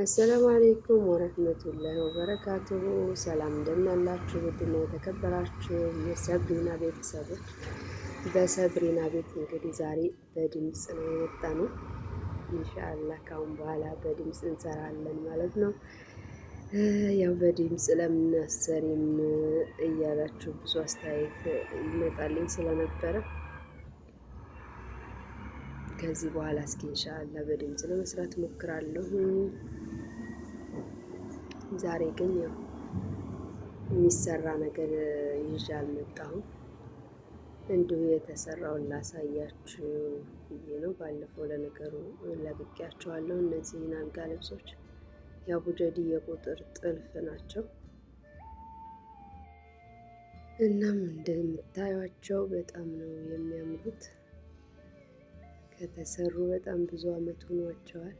አሰላሙ አሌይኩም ወረህመቱላሂ ወበረካቱሁ። ሰላም እንደምን አላችሁ? ውድና የተከበራችሁ የሰብሪና ቤተሰቦች፣ በሰብሪና ቤት እንግዲህ ዛሬ በድምፅ ነው የወጣ ነው። ኢንሻአላህ ካሁን በኋላ በድምፅ እንሰራለን ማለት ነው። ያው በድምፅ ለምን አትሰሪም እያላችሁ ብዙ አስተያየት ይመጣልኝ ስለነበረ ከዚህ በኋላ እስኪ እንሻላ በድምፅ ለመስራት እሞክራለሁ። ዛሬ ግን ያው የሚሰራ ነገር ይዤ አልመጣሁም። እንዲሁ የተሰራውን ላሳያችሁ ብዬ ነው። ባለፈው ለነገሩ ለቅቄያቸዋለሁ። እነዚህን አልጋ ልብሶች የአቡጀዲ የቁጥር ጥልፍ ናቸው። እናም እንደምታዩቸው በጣም ነው የሚያምሩት። ከተሰሩ በጣም ብዙ አመት ሆኗቸዋል።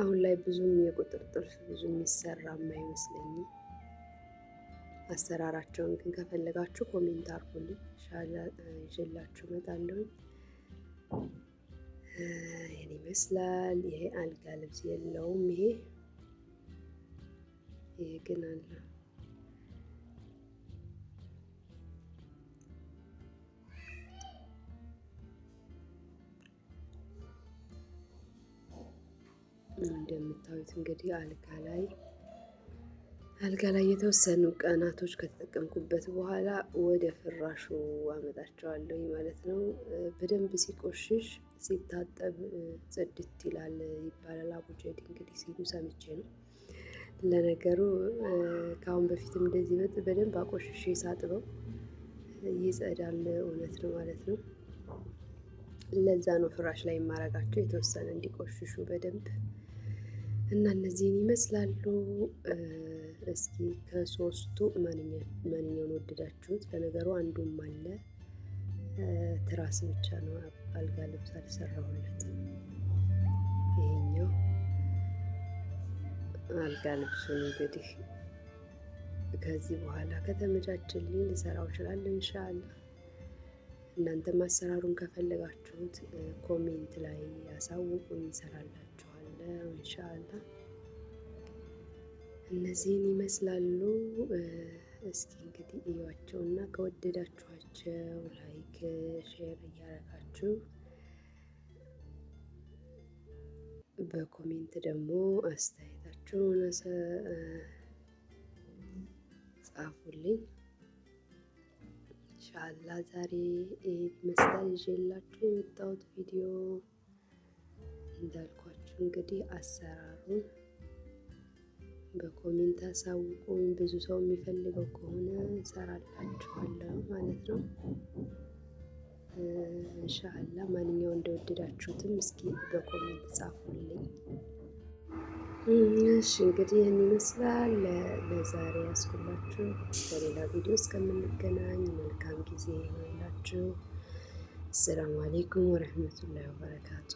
አሁን ላይ ብዙም የቁጥር ጥልፍ ብዙ የሚሰራ የማይመስለኝ። አሰራራቸውን ግን ከፈለጋችሁ ኮሜንት አርጉልኝ ይዤላችሁ እመጣለሁ። ይህን ይመስላል። ይሄ አልጋ ልብስ የለውም። ይሄ ይሄ ግን አለ እንደምታዩት እንግዲህ አልጋ ላይ አልጋ ላይ የተወሰኑ ቀናቶች ከተጠቀምኩበት በኋላ ወደ ፍራሹ አመጣቸዋለሁ ማለት ነው። በደንብ ሲቆሽሽ ሲታጠብ ጽድት ይላል ይባላል። አቡጀዲ እንግዲህ ሲሉ ሰምቼ ነው። ለነገሩ ከአሁን በፊትም እንደዚህ በጥ በደንብ አቆሽሼ ሳጥበው ይጸዳል። እውነት ነው ማለት ነው። ለዛ ነው ፍራሽ ላይ የማረጋቸው የተወሰነ እንዲቆሽሹ በደንብ እና እነዚህን ይመስላሉ። እስኪ ከሶስቱ ማንኛውን ወደዳችሁት? ለነገሩ አንዱም አለ ትራስ ብቻ ነው አልጋ ልብስ አልሰራሁለት። ይሄኛው አልጋ ልብሱን እንግዲህ ከዚህ በኋላ ከተመቻችልኝ ልሰራው ይችላል። ኢንሻአላ። እናንተም አሰራሩን ከፈለጋችሁት ኮሜንት ላይ ያሳውቁኝ፣ ይሰራላችሁ። አለው እንሻላ እነዚህን ይመስላሉ። እስኪ እንግዲህ እዩዋቸው እና ከወደዳችኋቸው ላይክ ሼር እያረጋችሁ በኮሜንት ደግሞ አስተያየታችሁን ጻፉልኝ። ኢንሻላ ዛሬ ይመስላል ይዤላችሁ የመጣሁት ቪዲዮ እንዳልኳ ካላችሁ እንግዲህ አሰራሩን በኮሜንት አሳውቁኝ። ብዙ ሰው የሚፈልገው ከሆነ እንሰራላችኋለሁ ማለት ነው። እንሻላ ማንኛው እንደወደዳችሁትም እስኪ በኮሜንት ጻፉልኝ። እሺ እንግዲህ ይህን ይመስላል ለዛሬ ያስኩላችሁ። በሌላ ቪዲዮ እስከምንገናኝ መልካም ጊዜ ይሆንላችሁ። አሰላሙ አሌይኩም ወረህመቱላሂ ወበረካቱ።